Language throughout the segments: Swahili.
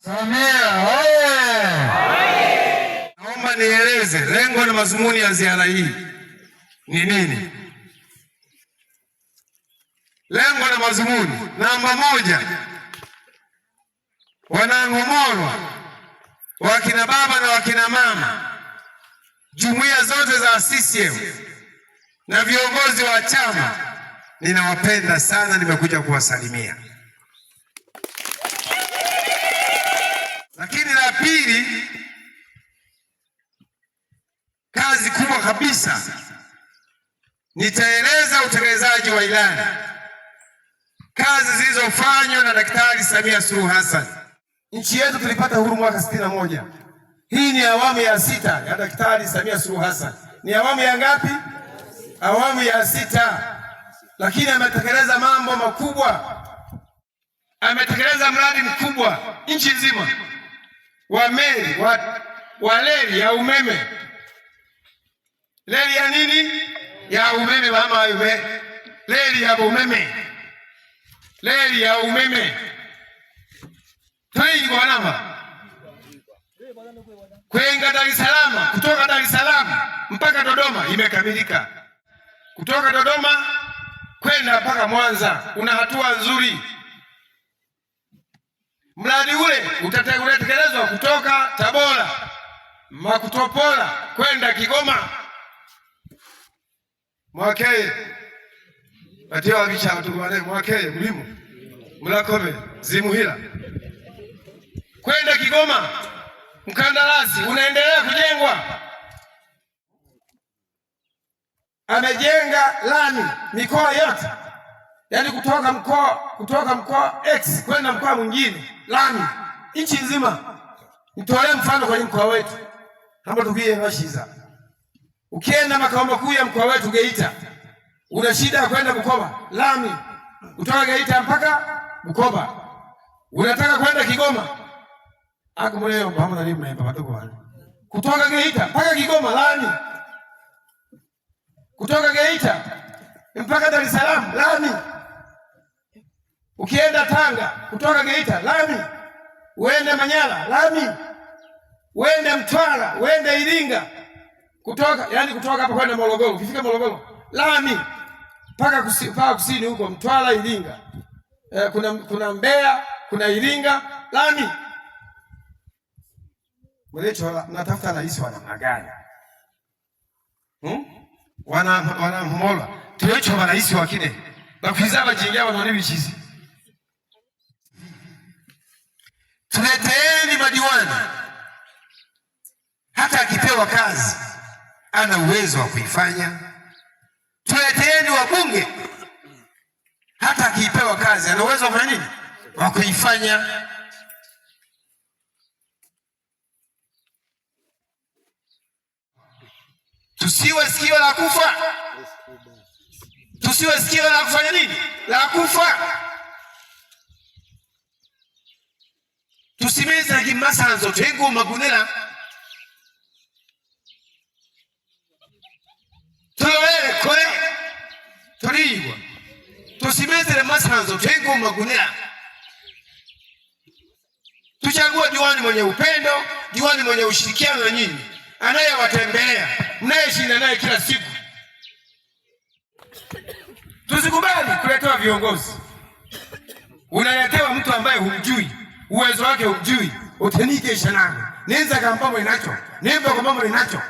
Samia oye! Naomba nieleze lengo na mazumuni ya ziara hii ni nini. Lengo na mazumuni namba moja, Wanang'omorwa, wakina baba na wakina mama, jumuiya zote za CCM na viongozi wa chama, ninawapenda sana, nimekuja kuwasalimia pili, kazi kubwa kabisa, nitaeleza utekelezaji wa ilani, kazi zilizofanywa na Daktari Samia Suluhu Hassan. Nchi yetu tulipata uhuru mwaka sitini na moja. Hii ni awamu ya sita ya Daktari Samia Suluhu Hassan. Ni awamu ya ngapi? Awamu ya sita, lakini ametekeleza mambo makubwa, ametekeleza mradi mkubwa nchi nzima wa meli wa, wa leli ya umeme, leli ya nini ya umeme, mama yume leli ya umeme, leli ya umeme twaingwa nama kwenga Dar es Salaam, kutoka Dar es Salaam mpaka Dodoma imekamilika, kutoka Dodoma kwenda mpaka Mwanza. Una hatua nzuri, mradi ule utata Makutopola kwenda Kigoma mwakeye atiyo wabicha batugwane mwakeye mulimu mulakome zimuhila kwenda Kigoma, mkandarasi unaendelea kujengwa, amejenga lami mikoa yote, yaani kutoka mkoa kutoka mkoa X kwenda mkoa mwingine, lami nchi nzima. Mtolee mfano kwenye mkoa wetu naomba tugie bashiza. Ukienda makao makuu ya mkoa wetu Geita, una shida ya kwenda Bukoba, lami kutoka Geita mpaka Bukoba. Unataka kwenda Kigoma, akumuleo pamoja na mimi tuko wani kutoka Geita mpaka Kigoma lami, kutoka Geita mpaka Dar es Salaam lami, ukienda Tanga kutoka Geita lami, uende Manyara lami uende Mtwara, uende Iringa, kutoka yani kutoka hapa kwenda Morogoro. Ukifika Morogoro lami mpaka kusi, kusini huko Mtwara Iringa. E, kuna, kuna Mbeya kuna Iringa lami mlecho. natafuta rais wa namna gani? hmm? wana wana mmola tuwecho marais wakine bakwiza bajingia banone bikizi tuleteeni madiwani hata akipewa kazi ana uwezo wa kuifanya. Tuleteeni wabunge, hata akipewa kazi ana uwezo wa kufanya nini, wa kuifanya. Tusiwe sikio la kufa, tusiwe sikio la kufanya nini, la kufa. tusimeze kimasala nzoto tengu magunela nazo tengo magunia. Tuchague diwani mwenye upendo, diwani mwenye ushirikiano na nyinyi, anayewatembelea, mnayeshinda naye kila siku. Tusikubali kuletewa viongozi, unaletewa mtu ambaye humjui, uwezo wake humjui, utenike shanani Nenza kampamo inacho nimba kampamo inacho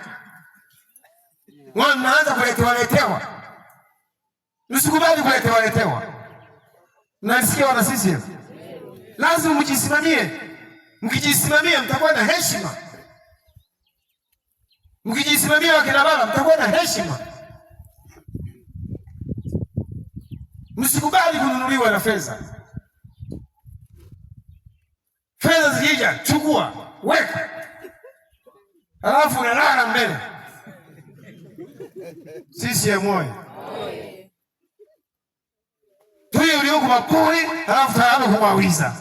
wanaanza kuletewa letewa. Nusikubali kuletewa letewa. Nasikia wana CCM? Lazima mjisimamie. Mkijisimamia mtakuwa na heshima. Mkijisimamia wakina baba mtakuwa na heshima. Msikubali kununuliwa na fedha. Fedha zikija, chukua, weka, alafu unalala mbele. Sisi ya mwili huku halafu tayari kumwawiza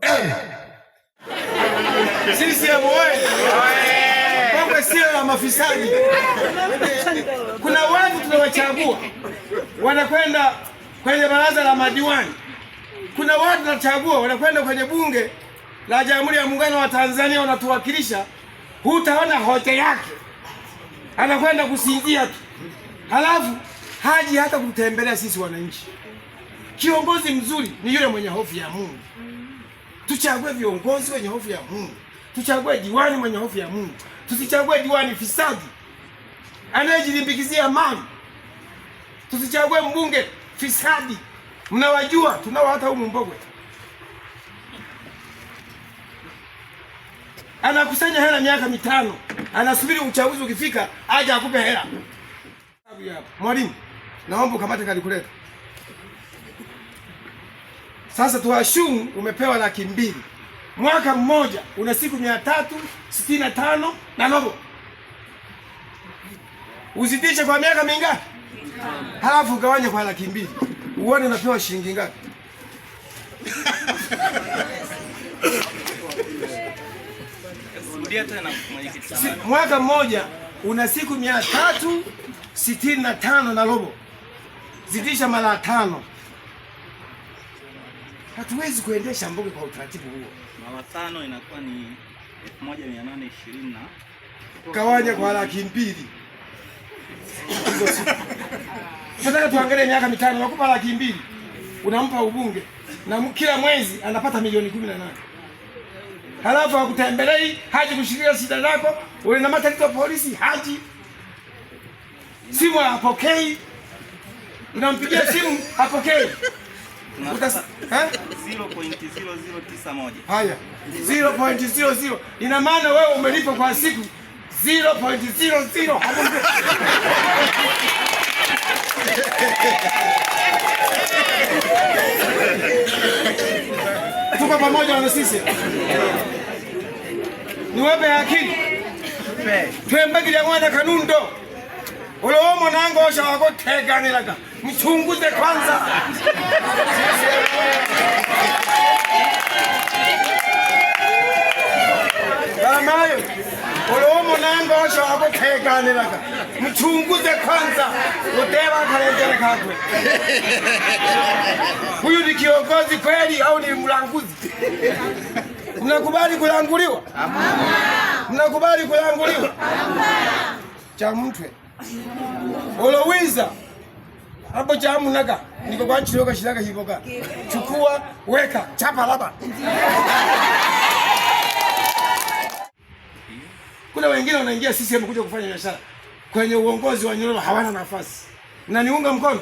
eh. ya oyee! Kongo sio ya mafisadi. Kuna watu tunawachagua wanakwenda kwenye baraza la madiwani, kuna watu tunachagua wanakwenda kwenye bunge la Jamhuri ya Muungano wa Tanzania, wanatuwakilisha. Hutaona hoja yake, anakwenda kusingia tu, halafu haji hata kutembelea sisi wananchi. Kiongozi mzuri ni yule mwenye hofu ya Mungu. Tuchague viongozi wenye hofu ya Mungu, tuchague diwani mwenye hofu ya Mungu, tusichague diwani fisadi anayejilimbikizia mali, tusichague mbunge fisadi. Mnawajua, tunao hata humu Mbogwe, anakusanya hela miaka mitano, anasubiri uchaguzi ukifika aje akupe hela. Mwalimu, naomba ukamate kalikuleta sasa tuashumu umepewa laki mbili, mwaka mmoja una siku mia tatu sitini na tano na robo, uzidishe kwa miaka mingapi? Halafu ugawanye kwa laki mbili uone unapewa shilingi ngapi? Si, mwaka mmoja una siku mia tatu sitini na tano na robo, zidisha mara tano Hatuwezi kuendesha mbuge kwa utaratibu huo. Mara tano inakuwa ni 1820 na gawanya kwa laki mbili. Sasa tuangalie miaka mitano nakupa laki mbili. Unampa ubunge na kila mwezi anapata milioni 18. Halafu hakutembelei, haji kushikilia shida zako, ulinamata matatizo polisi haji. Simu hapokei. Unampigia simu hapokei. Haya, 0.00 ina maana wewe umelipa kwa siku 0.00 Tuko pamoja na sisi. Ni wape akili. kile mwana kanundo ulowo mwanango osha wako teganiraga mchunguze kwanza. bamayo olowo munanga osho akuthekanilaka mchunguze kwanza uteva kalengele kakwe huyu ni kiongozi kweli au ni mlanguzi? Mnakubali kulanguliwa? Mnakubali kulanguliwa? cha mtwe olowiza hapo chamunaga niko kwa chiroga shiraka hivoga chukua weka chapa laba. Kuna wengine wanaingia CCM kuja kufanya biashara kwenye uongozi wa nyororo, hawana nafasi. niunga mkono?